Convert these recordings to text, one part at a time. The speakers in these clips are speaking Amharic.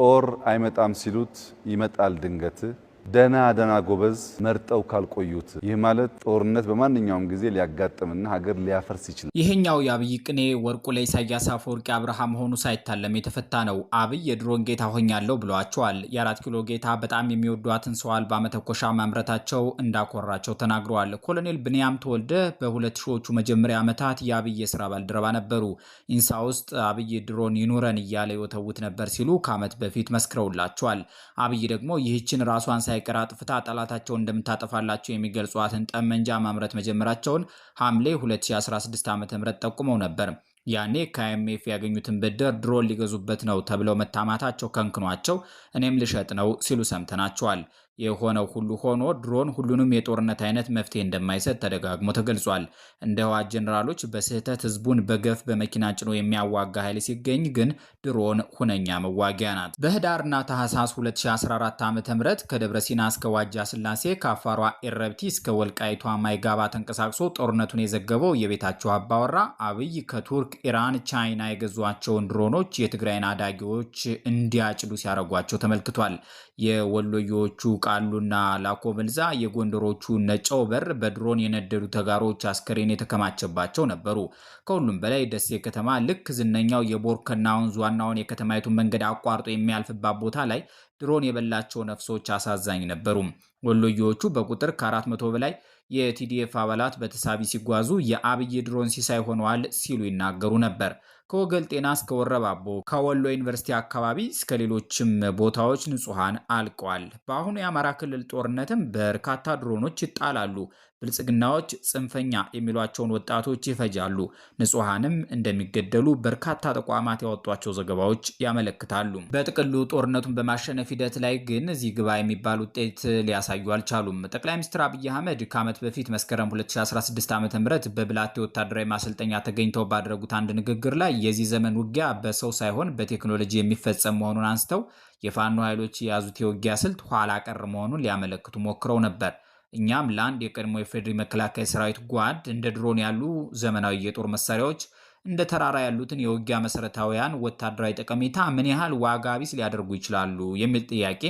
ጦር አይመጣም ሲሉት ይመጣል ድንገት ደና ደና ጎበዝ መርጠው ካልቆዩት፣ ይህ ማለት ጦርነት በማንኛውም ጊዜ ሊያጋጥምና ሀገር ሊያፈርስ ይችላል። ይህኛው የአብይ ቅኔ ወርቁ ለኢሳያስ አፈወርቂ አብርሃ መሆኑ ሳይታለም የተፈታ ነው። አብይ የድሮን ጌታ ሆኛለሁ ብለዋቸዋል። የአራት ኪሎ ጌታ በጣም የሚወዷትን ሰው አልባ መተኮሻ ማምረታቸው እንዳኮራቸው ተናግረዋል። ኮሎኔል ብንያም ተወልደ በሁለት ሺዎቹ መጀመሪያ ዓመታት የአብይ የስራ ባልደረባ ነበሩ። ኢንሳ ውስጥ አብይ ድሮን ይኑረን እያለ ይወተውት ነበር ሲሉ ከዓመት በፊት መስክረውላቸዋል። አብይ ደግሞ ይህችን ራሷን ሳይ ሳይቀር አጥፍታ ጠላታቸው እንደምታጠፋላቸው የሚገልጿትን ጠመንጃ ማምረት መጀመራቸውን ሐምሌ 2016 ዓ ም ጠቁመው ነበር። ያኔ ከአይኤምኤፍ ያገኙትን ብድር ድሮን ሊገዙበት ነው ተብለው መታማታቸው ከንክኗቸው እኔም ልሸጥ ነው ሲሉ ሰምተናቸዋል። የሆነው ሁሉ ሆኖ ድሮን ሁሉንም የጦርነት አይነት መፍትሄ እንደማይሰጥ ተደጋግሞ ተገልጿል። እንደ ህወሓት ጀኔራሎች በስህተት ህዝቡን በገፍ በመኪና ጭኖ የሚያዋጋ ኃይል ሲገኝ ግን ድሮን ሁነኛ መዋጊያ ናት። በህዳርና ታህሳስ 2014 ዓ ም ከደብረ ሲና እስከ ዋጃ ስላሴ ከአፋሯ ኤረብቲ እስከ ወልቃይቷ ማይጋባ ተንቀሳቅሶ ጦርነቱን የዘገበው የቤታቸው አባወራ አብይ ከቱርክ፣ ኢራን፣ ቻይና የገዟቸውን ድሮኖች የትግራይን አዳጊዎች እንዲያጭዱ ሲያደርጓቸው ተመልክቷል። የወሎዮቹ ላኮ ላኮበልዛ የጎንደሮቹ ነጨው በር በድሮን የነደዱ ተጋሮች አስከሬን የተከማቸባቸው ነበሩ። ከሁሉም በላይ ደሴ ከተማ ልክ ዝነኛው የቦርከና ወንዝ ዋናውን የከተማይቱን መንገድ አቋርጦ የሚያልፍባት ቦታ ላይ ድሮን የበላቸው ነፍሶች አሳዛኝ ነበሩ። ወሎዮቹ በቁጥር ከአራት መቶ በላይ የቲዲኤፍ አባላት በተሳቢ ሲጓዙ የአብይ ድሮን ሲሳይ ሆነዋል ሲሉ ይናገሩ ነበር። ከወገል ጤና እስከ ወረባቦ ከወሎ ዩኒቨርሲቲ አካባቢ እስከ ሌሎችም ቦታዎች ንጹሐን አልቀዋል። በአሁኑ የአማራ ክልል ጦርነትም በርካታ ድሮኖች ይጣላሉ። ብልጽግናዎች ጽንፈኛ የሚሏቸውን ወጣቶች ይፈጃሉ። ንጹሐንም እንደሚገደሉ በርካታ ተቋማት ያወጧቸው ዘገባዎች ያመለክታሉ። በጥቅሉ ጦርነቱን በማሸነፍ ሂደት ላይ ግን እዚህ ግባ የሚባል ውጤት ሊያሳዩ አልቻሉም። ጠቅላይ ሚኒስትር አብይ አህመድ ከዓመት በፊት መስከረም 2016 ዓ ም በብላቴ ወታደራዊ ማሰልጠኛ ተገኝተው ባደረጉት አንድ ንግግር ላይ የዚህ ዘመን ውጊያ በሰው ሳይሆን በቴክኖሎጂ የሚፈጸም መሆኑን አንስተው የፋኖ ኃይሎች የያዙት የውጊያ ስልት ኋላ ቀር መሆኑን ሊያመለክቱ ሞክረው ነበር። እኛም ለአንድ የቀድሞ የፌዴሪ መከላከያ ሰራዊት ጓድ እንደ ድሮን ያሉ ዘመናዊ የጦር መሳሪያዎች እንደ ተራራ ያሉትን የውጊያ መሰረታዊያን ወታደራዊ ጠቀሜታ ምን ያህል ዋጋ ቢስ ሊያደርጉ ይችላሉ የሚል ጥያቄ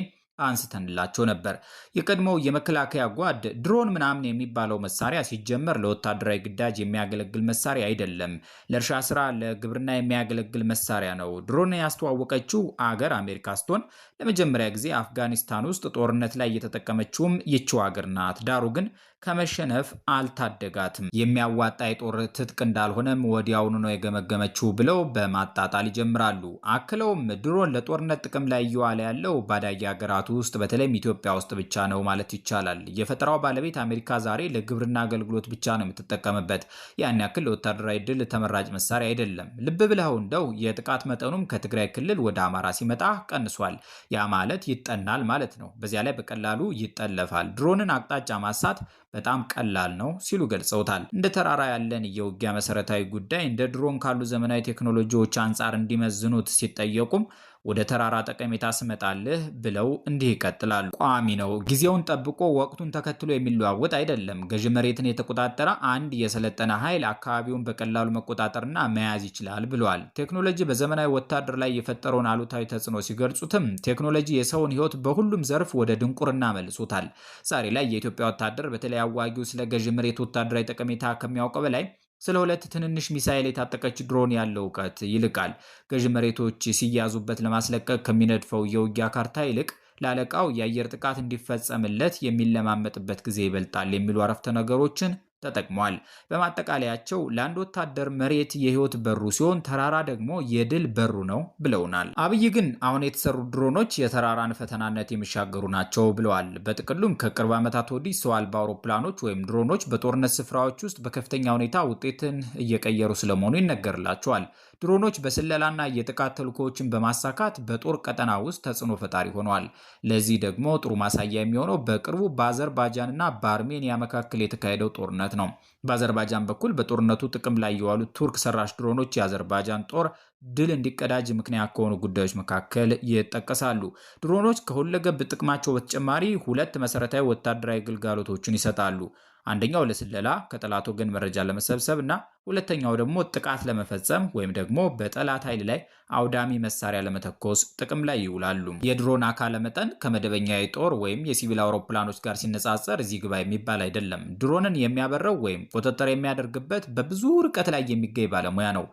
አንስተንላቸው ነበር። የቀድሞው የመከላከያ ጓድ ድሮን ምናምን የሚባለው መሳሪያ ሲጀመር ለወታደራዊ ግዳጅ የሚያገለግል መሳሪያ አይደለም፣ ለእርሻ ስራ፣ ለግብርና የሚያገለግል መሳሪያ ነው። ድሮን ያስተዋወቀችው አገር አሜሪካ ስትሆን ለመጀመሪያ ጊዜ አፍጋኒስታን ውስጥ ጦርነት ላይ እየተጠቀመችውም ይችው አገር ናት። ዳሩ ግን ከመሸነፍ አልታደጋትም። የሚያዋጣ የጦር ትጥቅ እንዳልሆነም ወዲያውኑ ነው የገመገመችው ብለው በማጣጣል ይጀምራሉ። አክለውም ድሮን ለጦርነት ጥቅም ላይ እየዋለ ያለው ባዳጊ ሀገራት ውስጥ በተለይም ኢትዮጵያ ውስጥ ብቻ ነው ማለት ይቻላል። የፈጠራው ባለቤት አሜሪካ ዛሬ ለግብርና አገልግሎት ብቻ ነው የምትጠቀምበት። ያን ያክል ለወታደራዊ ድል ተመራጭ መሳሪያ አይደለም። ልብ ብለው እንደው የጥቃት መጠኑም ከትግራይ ክልል ወደ አማራ ሲመጣ ቀንሷል። ያ ማለት ይጠናል ማለት ነው። በዚያ ላይ በቀላሉ ይጠለፋል። ድሮንን አቅጣጫ ማሳት በጣም ቀላል ነው ሲሉ ገልጸውታል። እንደ ተራራ ያለን የውጊያ መሰረታዊ ጉዳይ እንደ ድሮን ካሉ ዘመናዊ ቴክኖሎጂዎች አንጻር እንዲመዝኑት ሲጠየቁም ወደ ተራራ ጠቀሜታ ስመጣልህ ብለው እንዲህ ይቀጥላሉ። ቋሚ ነው። ጊዜውን ጠብቆ ወቅቱን ተከትሎ የሚለዋወጥ አይደለም። ገዥ መሬትን የተቆጣጠረ አንድ የሰለጠነ ኃይል አካባቢውን በቀላሉ መቆጣጠርና መያዝ ይችላል ብሏል። ቴክኖሎጂ በዘመናዊ ወታደር ላይ የፈጠረውን አሉታዊ ተጽዕኖ ሲገልጹትም ቴክኖሎጂ የሰውን ሕይወት በሁሉም ዘርፍ ወደ ድንቁርና መልሶታል። ዛሬ ላይ የኢትዮጵያ ወታደር በተለይ አዋጊው ስለ ገዥ መሬት ወታደራዊ ጠቀሜታ ከሚያውቀው በላይ ስለ ሁለት ትንንሽ ሚሳይል የታጠቀች ድሮን ያለው እውቀት ይልቃል። ገዢ መሬቶች ሲያዙበት ለማስለቀቅ ከሚነድፈው የውጊያ ካርታ ይልቅ ለአለቃው የአየር ጥቃት እንዲፈጸምለት የሚለማመጥበት ጊዜ ይበልጣል የሚሉ አረፍተ ነገሮችን ተጠቅሟል። በማጠቃለያቸው ለአንድ ወታደር መሬት የህይወት በሩ ሲሆን ተራራ ደግሞ የድል በሩ ነው ብለውናል። አብይ ግን አሁን የተሰሩ ድሮኖች የተራራን ፈተናነት የሚሻገሩ ናቸው ብለዋል። በጥቅሉም ከቅርብ ዓመታት ወዲህ ሰው አልባ አውሮፕላኖች ወይም ድሮኖች በጦርነት ስፍራዎች ውስጥ በከፍተኛ ሁኔታ ውጤትን እየቀየሩ ስለመሆኑ ይነገርላቸዋል። ድሮኖች በስለላና የጥቃት ተልኮዎችን በማሳካት በጦር ቀጠና ውስጥ ተጽዕኖ ፈጣሪ ሆነዋል። ለዚህ ደግሞ ጥሩ ማሳያ የሚሆነው በቅርቡ በአዘርባጃን እና በአርሜኒያ መካከል የተካሄደው ጦርነት ነው። በአዘርባጃን በኩል በጦርነቱ ጥቅም ላይ የዋሉ ቱርክ ሰራሽ ድሮኖች የአዘርባጃን ጦር ድል እንዲቀዳጅ ምክንያት ከሆኑ ጉዳዮች መካከል ይጠቀሳሉ። ድሮኖች ከሁለገብ ጥቅማቸው በተጨማሪ ሁለት መሰረታዊ ወታደራዊ ግልጋሎቶችን ይሰጣሉ። አንደኛው ለስለላ ከጠላት ወገን መረጃ ለመሰብሰብ እና ሁለተኛው ደግሞ ጥቃት ለመፈጸም ወይም ደግሞ በጠላት ኃይል ላይ አውዳሚ መሳሪያ ለመተኮስ ጥቅም ላይ ይውላሉ። የድሮን አካለ መጠን ከመደበኛ የጦር ወይም የሲቪል አውሮፕላኖች ጋር ሲነጻጸር እዚህ ግባ የሚባል አይደለም። ድሮንን የሚያበረው ወይም ቁጥጥር የሚያደርግበት በብዙ ርቀት ላይ የሚገኝ ባለሙያ ነው።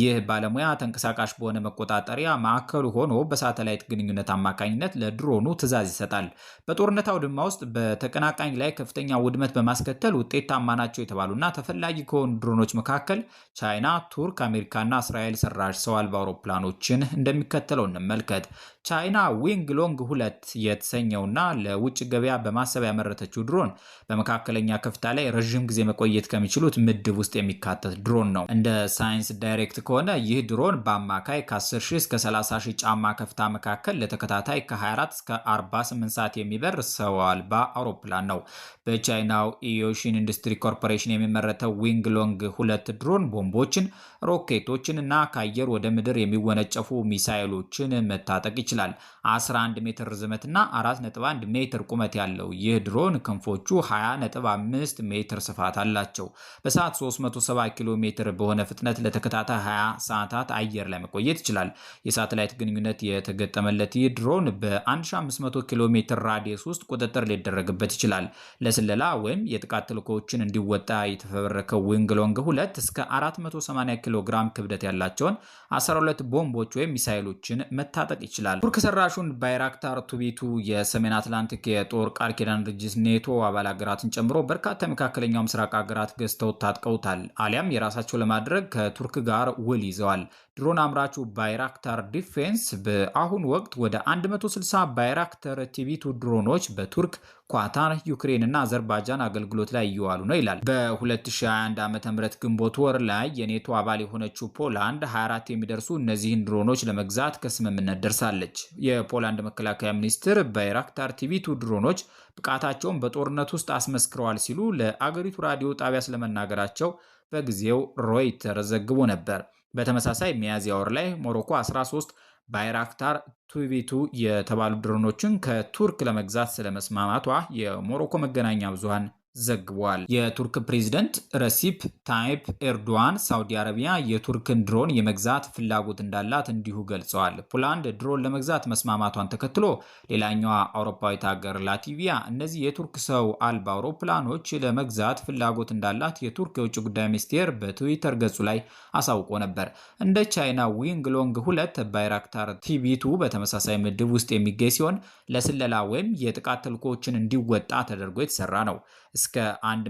ይህ ባለሙያ ተንቀሳቃሽ በሆነ መቆጣጠሪያ ማዕከሉ ሆኖ በሳተላይት ግንኙነት አማካኝነት ለድሮኑ ትዕዛዝ ይሰጣል። በጦርነት አውድማ ውስጥ በተቀናቃኝ ላይ ከፍተኛ ውድመት በማስከተል ውጤታማ ናቸው የተባሉና ተፈላጊ ከሆኑ ድሮኖች መካከል መካከል ቻይና፣ ቱርክ፣ አሜሪካና እስራኤል ሰራሽ ሰው አልባ አውሮፕላኖችን እንደሚከተለው እንመልከት። ቻይና ዊንግ ሎንግ ሁለት የተሰኘውና ለውጭ ገበያ በማሰብ ያመረተችው ድሮን በመካከለኛ ከፍታ ላይ ረዥም ጊዜ መቆየት ከሚችሉት ምድብ ውስጥ የሚካተት ድሮን ነው። እንደ ሳይንስ ዳይሬክት ከሆነ ይህ ድሮን በአማካይ ከ10 ሺህ እስከ 30 ሺህ ጫማ ከፍታ መካከል ለተከታታይ ከ24 እስከ 48 ሰዓት የሚበር ሰው አልባ አውሮፕላን ነው። በቻይናው ኢዮሽን ኢንዱስትሪ ኮርፖሬሽን የሚመረተው ዊንግ ሎንግ ሁለት ድሮን ቦምቦችን፣ ሮኬቶችን እና ከአየር ወደ ምድር የሚወነጨፉ ሚሳይሎችን መታጠቅ ይችላል። ይችላል። 11 ሜትር ርዝመትና 4.1 ሜትር ቁመት ያለው ይህ ድሮን ክንፎቹ 25 ሜትር ስፋት አላቸው። በሰዓት 370 ኪሎ ሜትር በሆነ ፍጥነት ለተከታታይ 20 ሰዓታት አየር ላይ መቆየት ይችላል። የሳተላይት ግንኙነት የተገጠመለት ይህ ድሮን በ1500 ኪሎ ሜትር ራዲየስ ውስጥ ቁጥጥር ሊደረግበት ይችላል። ለስለላ ወይም የጥቃት ተልዕኮዎችን እንዲወጣ የተፈበረከው ዊንግሎንግ 2 እስከ 480 ኪሎ ግራም ክብደት ያላቸውን 12 ቦምቦች ወይም ሚሳይሎችን መታጠቅ ይችላል። ቱርክ ሰራሹን ባይራክታር ቱቢቱ የሰሜን አትላንቲክ የጦር ቃል ኪዳን ድርጅት ኔቶ አባል ሀገራትን ጨምሮ በርካታ የመካከለኛው ምስራቅ ሀገራት ገዝተው ታጥቀውታል፣ አሊያም የራሳቸው ለማድረግ ከቱርክ ጋር ውል ይዘዋል። ድሮን አምራቹ ባይራክታር ዲፌንስ በአሁን ወቅት ወደ 160 ባይራክተር ቲቢቱ ድሮኖች በቱርክ ኳታር፣ ዩክሬን እና አዘርባጃን አገልግሎት ላይ እየዋሉ ነው ይላል። በ2021 ዓ ም ግንቦት ወር ላይ የኔቶ አባል የሆነችው ፖላንድ 24 የሚደርሱ እነዚህን ድሮኖች ለመግዛት ከስምምነት ደርሳለች። የፖላንድ መከላከያ ሚኒስትር ባይራክታር ቲቪቱ ድሮኖች ብቃታቸውን በጦርነት ውስጥ አስመስክረዋል ሲሉ ለአገሪቱ ራዲዮ ጣቢያ ስለመናገራቸው በጊዜው ሮይተር ዘግቦ ነበር። በተመሳሳይ ሚያዝያ ወር ላይ ሞሮኮ 13 ባይራክታር ቱቪቱ የተባሉ ድሮኖችን ከቱርክ ለመግዛት ስለመስማማቷ የሞሮኮ መገናኛ ብዙሃን ዘግቧል። የቱርክ ፕሬዝደንት ረሲፕ ታይፕ ኤርዶዋን ሳውዲ አረቢያ የቱርክን ድሮን የመግዛት ፍላጎት እንዳላት እንዲሁ ገልጸዋል። ፖላንድ ድሮን ለመግዛት መስማማቷን ተከትሎ ሌላኛዋ አውሮፓዊት ሀገር ላቲቪያ እነዚህ የቱርክ ሰው አልባ አውሮፕላኖች ለመግዛት ፍላጎት እንዳላት የቱርክ የውጭ ጉዳይ ሚኒስቴር በትዊተር ገጹ ላይ አሳውቆ ነበር። እንደ ቻይና ዊንግ ሎንግ ሁለት ባይራክታር ቲቢቱ በተመሳሳይ ምድብ ውስጥ የሚገኝ ሲሆን ለስለላ ወይም የጥቃት ተልኮዎችን እንዲወጣ ተደርጎ የተሰራ ነው። እስከ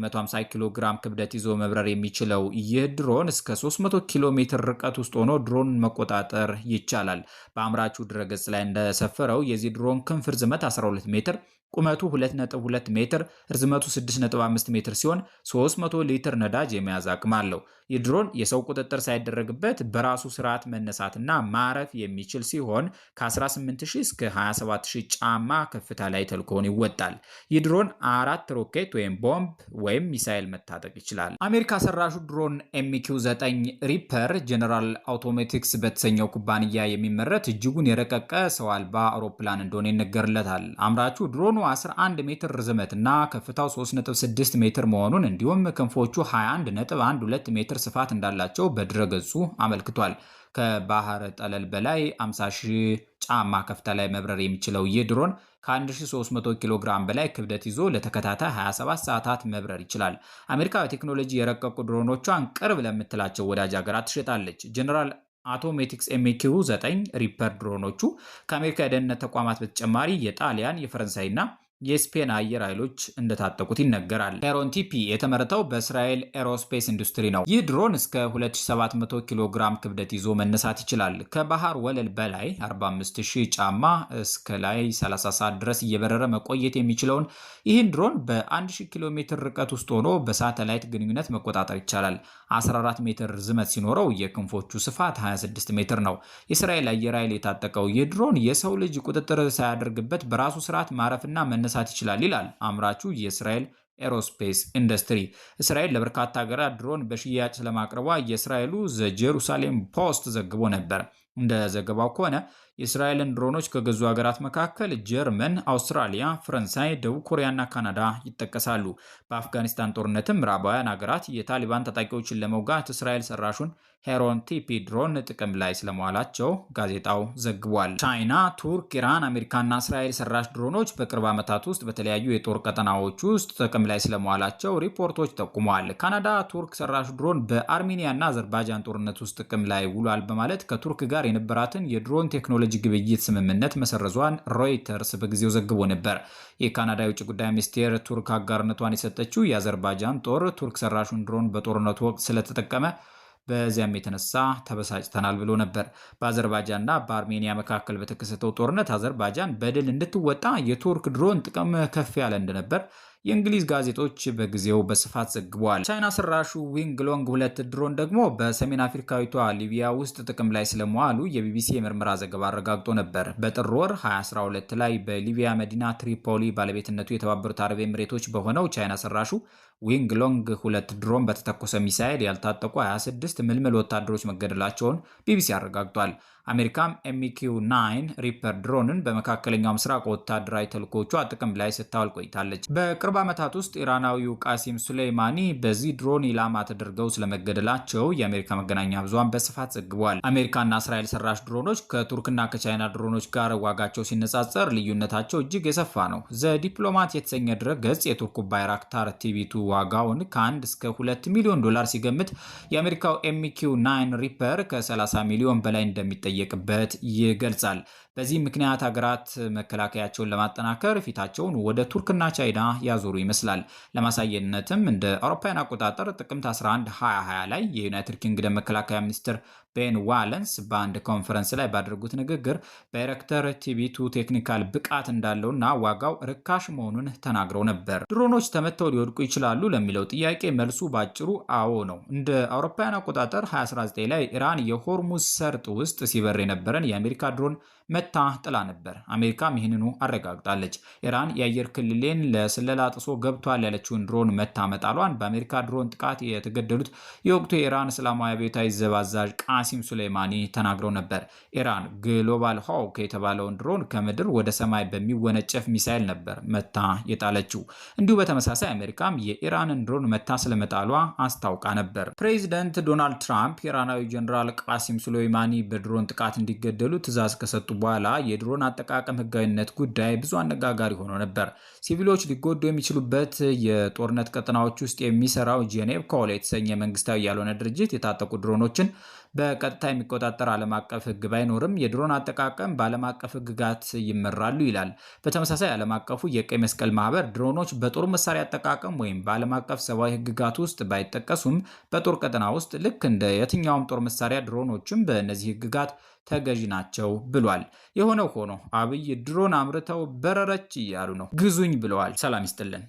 150 ኪሎ ግራም ክብደት ይዞ መብረር የሚችለው ይህ ድሮን እስከ 300 ኪሎ ሜትር ርቀት ውስጥ ሆኖ ድሮን መቆጣጠር ይቻላል። በአምራቹ ድረገጽ ላይ እንደሰፈረው የዚህ ድሮን ክንፍ ርዝመት 12 ሜትር ቁመቱ 2.2 ሜትር ርዝመቱ 6.5 ሜትር ሲሆን 300 ሊትር ነዳጅ የመያዝ አቅም አለው። ይህ ድሮን የሰው ቁጥጥር ሳይደረግበት በራሱ ስርዓት መነሳትና ማረፍ የሚችል ሲሆን ከ18000 እስከ 27000 ጫማ ከፍታ ላይ ተልኮውን ይወጣል። ይህ ድሮን አራት ሮኬት ወይም ቦምብ ወይም ሚሳይል መታጠቅ ይችላል። አሜሪካ ሰራሹ ድሮን ኤምኪው 9 ሪፐር ጀነራል አውቶሜቲክስ በተሰኘው ኩባንያ የሚመረት እጅጉን የረቀቀ ሰው አልባ አውሮፕላን እንደሆነ ይነገርለታል። አምራቹ ድሮን 11 ሜትር ርዝመትና ከፍታው 36 ሜትር መሆኑን እንዲሁም ክንፎቹ 21.12 ሜትር ስፋት እንዳላቸው በድረገጹ አመልክቷል። ከባህር ጠለል በላይ 50 ጫማ ከፍታ ላይ መብረር የሚችለው ይህ ድሮን ከ1300 ኪሎ ግራም በላይ ክብደት ይዞ ለተከታታይ 27 ሰዓታት መብረር ይችላል። አሜሪካ በቴክኖሎጂ የረቀቁ ድሮኖቿን ቅርብ ለምትላቸው ወዳጅ ሀገራት ትሸጣለች። ጀነራል አቶሜቲክስ ኤምኪው 9 ሪፐር ድሮኖቹ ከአሜሪካ የደህንነት ተቋማት በተጨማሪ የጣሊያን የፈረንሳይና የስፔን አየር ኃይሎች እንደታጠቁት ይነገራል። ቲፒ የተመረተው በእስራኤል ኤሮስፔስ ኢንዱስትሪ ነው። ይህ ድሮን እስከ 2700 ኪሎ ግራም ክብደት ይዞ መነሳት ይችላል። ከባህር ወለል በላይ 45000 ጫማ እስከ ላይ 30 ሰዓት ድረስ እየበረረ መቆየት የሚችለውን ይህን ድሮን በ1000 ኪሎ ሜትር ርቀት ውስጥ ሆኖ በሳተላይት ግንኙነት መቆጣጠር ይቻላል። 14 ሜትር ዝመት ሲኖረው የክንፎቹ ስፋት 26 ሜትር ነው። የእስራኤል አየር ኃይል የታጠቀው ይህ ድሮን የሰው ልጅ ቁጥጥር ሳያደርግበት በራሱ ስርዓት ማረፍና መነ መነሳት ይችላል ይላል አምራቹ የእስራኤል ኤሮስፔስ ኢንዱስትሪ። እስራኤል ለበርካታ ሀገራት ድሮን በሽያጭ ስለማቅረቧ የእስራኤሉ ዘ ጄሩሳሌም ፖስት ዘግቦ ነበር። እንደ ዘገባው ከሆነ የእስራኤልን ድሮኖች ከገዙ ሀገራት መካከል ጀርመን፣ አውስትራሊያ፣ ፈረንሳይ፣ ደቡብ ኮሪያና ካናዳ ይጠቀሳሉ። በአፍጋኒስታን ጦርነትም ምዕራባውያን ሀገራት የታሊባን ታጣቂዎችን ለመውጋት እስራኤል ሰራሹን ሄሮን ቲፒ ድሮን ጥቅም ላይ ስለመዋላቸው ጋዜጣው ዘግቧል። ቻይና፣ ቱርክ፣ ኢራን፣ አሜሪካና እስራኤል ሰራሽ ድሮኖች በቅርብ ዓመታት ውስጥ በተለያዩ የጦር ቀጠናዎች ውስጥ ጥቅም ላይ ስለመዋላቸው ሪፖርቶች ጠቁመዋል። ካናዳ ቱርክ ሰራሽ ድሮን በአርሜኒያና አዘርባጃን ጦርነት ውስጥ ጥቅም ላይ ውሏል በማለት ከቱርክ ጋር የነበራትን የድሮን ቴክኖሎጂ የነዳጅ ግብይት ስምምነት መሰረዟን ሮይተርስ በጊዜው ዘግቦ ነበር። የካናዳ የውጭ ጉዳይ ሚኒስቴር ቱርክ አጋርነቷን የሰጠችው የአዘርባጃን ጦር ቱርክ ሰራሹን ድሮን በጦርነቱ ወቅት ስለተጠቀመ በዚያም የተነሳ ተበሳጭተናል ብሎ ነበር። በአዘርባጃንና በአርሜኒያ መካከል በተከሰተው ጦርነት አዘርባጃን በድል እንድትወጣ የቱርክ ድሮን ጥቅም ከፍ ያለ እንደነበር የእንግሊዝ ጋዜጦች በጊዜው በስፋት ዘግበዋል። ቻይና ሰራሹ ሎንግ ሁለት ድሮን ደግሞ በሰሜን አፍሪካዊቷ ሊቢያ ውስጥ ጥቅም ላይ ስለመዋሉ የቢቢሲ የምርመራ ዘገባ አረጋግጦ ነበር። በጥር ወር 2012 ላይ በሊቢያ መዲና ትሪፖሊ ባለቤትነቱ የተባበሩት አረብ ኤምሬቶች በሆነው ቻይና ሰራሹ ዊንግ ሎንግ ሁለት ድሮን በተተኮሰ ሚሳኤል ያልታጠቁ 26 ምልምል ወታደሮች መገደላቸውን ቢቢሲ አረጋግጧል። አሜሪካም ኤምኪው 9 ሪፐር ድሮንን በመካከለኛው ምስራቅ ወታደራዊ ተልኮቿ ጥቅም ላይ ስታውል ቆይታለች። በቅርብ ዓመታት ውስጥ ኢራናዊው ቃሲም ሱሌይማኒ በዚህ ድሮን ኢላማ ተደርገው ስለመገደላቸው የአሜሪካ መገናኛ ብዙሃን በስፋት ዘግቧል። አሜሪካና እስራኤል ሰራሽ ድሮኖች ከቱርክና ከቻይና ድሮኖች ጋር ዋጋቸው ሲነጻጸር ልዩነታቸው እጅግ የሰፋ ነው። ዘዲፕሎማት የተሰኘ ድረ ገጽ የቱርኩ ባይራክታር ቲቪቱ ዋጋውን ከ1 እስከ 2 ሚሊዮን ዶላር ሲገምት የአሜሪካው ኤምኪው 9 ሪፐር ከ30 ሚሊዮን በላይ እንደሚጠየቅበት ይገልጻል። በዚህም ምክንያት ሀገራት መከላከያቸውን ለማጠናከር ፊታቸውን ወደ ቱርክና ቻይና ያዞሩ ይመስላል። ለማሳየነትም እንደ አውሮፓውያን አቆጣጠር ጥቅምት 11 2020 ላይ የዩናይትድ ኪንግደም መከላከያ ሚኒስትር ቤን ዋለንስ በአንድ ኮንፈረንስ ላይ ባደረጉት ንግግር ዳይሬክተር ቲቢቱ ቴክኒካል ብቃት እንዳለውና ዋጋው ርካሽ መሆኑን ተናግረው ነበር። ድሮኖች ተመተው ሊወድቁ ይችላሉ ለሚለው ጥያቄ መልሱ ባጭሩ አዎ ነው። እንደ አውሮፓውያን አቆጣጠር 2019 ላይ ኢራን የሆርሙዝ ሰርጥ ውስጥ ሲበር የነበረን የአሜሪካ ድሮን መታ ጥላ ነበር። አሜሪካም ይህንኑ አረጋግጣለች። ኢራን የአየር ክልሌን ለስለላ ጥሶ ገብቷል ያለችውን ድሮን መታ መጣሏን በአሜሪካ ድሮን ጥቃት የተገደሉት የወቅቱ የኢራን እስላማዊ አብዮታዊ ዘብ አዛዥ ቃሲም ሱሌይማኒ ተናግረው ነበር። ኢራን ግሎባል ሆክ የተባለውን ድሮን ከምድር ወደ ሰማይ በሚወነጨፍ ሚሳይል ነበር መታ የጣለችው። እንዲሁ በተመሳሳይ አሜሪካም የኢራንን ድሮን መታ ስለመጣሏ አስታውቃ ነበር። ፕሬዚደንት ዶናልድ ትራምፕ ኢራናዊ ጀኔራል ቃሲም ሱሌይማኒ በድሮን ጥቃት እንዲገደሉ ትእዛዝ ከሰጡ በኋላ የድሮን አጠቃቀም ህጋዊነት ጉዳይ ብዙ አነጋጋሪ ሆኖ ነበር። ሲቪሎች ሊጎዱ የሚችሉበት የጦርነት ቀጠናዎች ውስጥ የሚሰራው ጄኔቭ ኮል የተሰኘ መንግስታዊ ያልሆነ ድርጅት የታጠቁ ድሮኖችን በቀጥታ የሚቆጣጠር ዓለም አቀፍ ሕግ ባይኖርም የድሮን አጠቃቀም በዓለም አቀፍ ሕግጋት ይመራሉ ይላል። በተመሳሳይ ዓለም አቀፉ የቀይ መስቀል ማህበር ድሮኖች በጦር መሳሪያ አጠቃቀም ወይም በዓለም አቀፍ ሰብአዊ ሕግጋት ውስጥ ባይጠቀሱም በጦር ቀጠና ውስጥ ልክ እንደ የትኛውም ጦር መሳሪያ ድሮኖችም በእነዚህ ሕግጋት ተገዥ ናቸው ብሏል። የሆነው ሆኖ አብይ ድሮን አምርተው በረረች እያሉ ነው። ግዙኝ ብለዋል። ሰላም ይስጥልን።